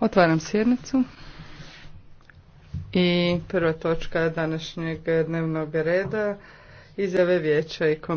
Otvaram sjednicu. I prva točka današnjeg dnevnog reda izjave vijeća i komisije.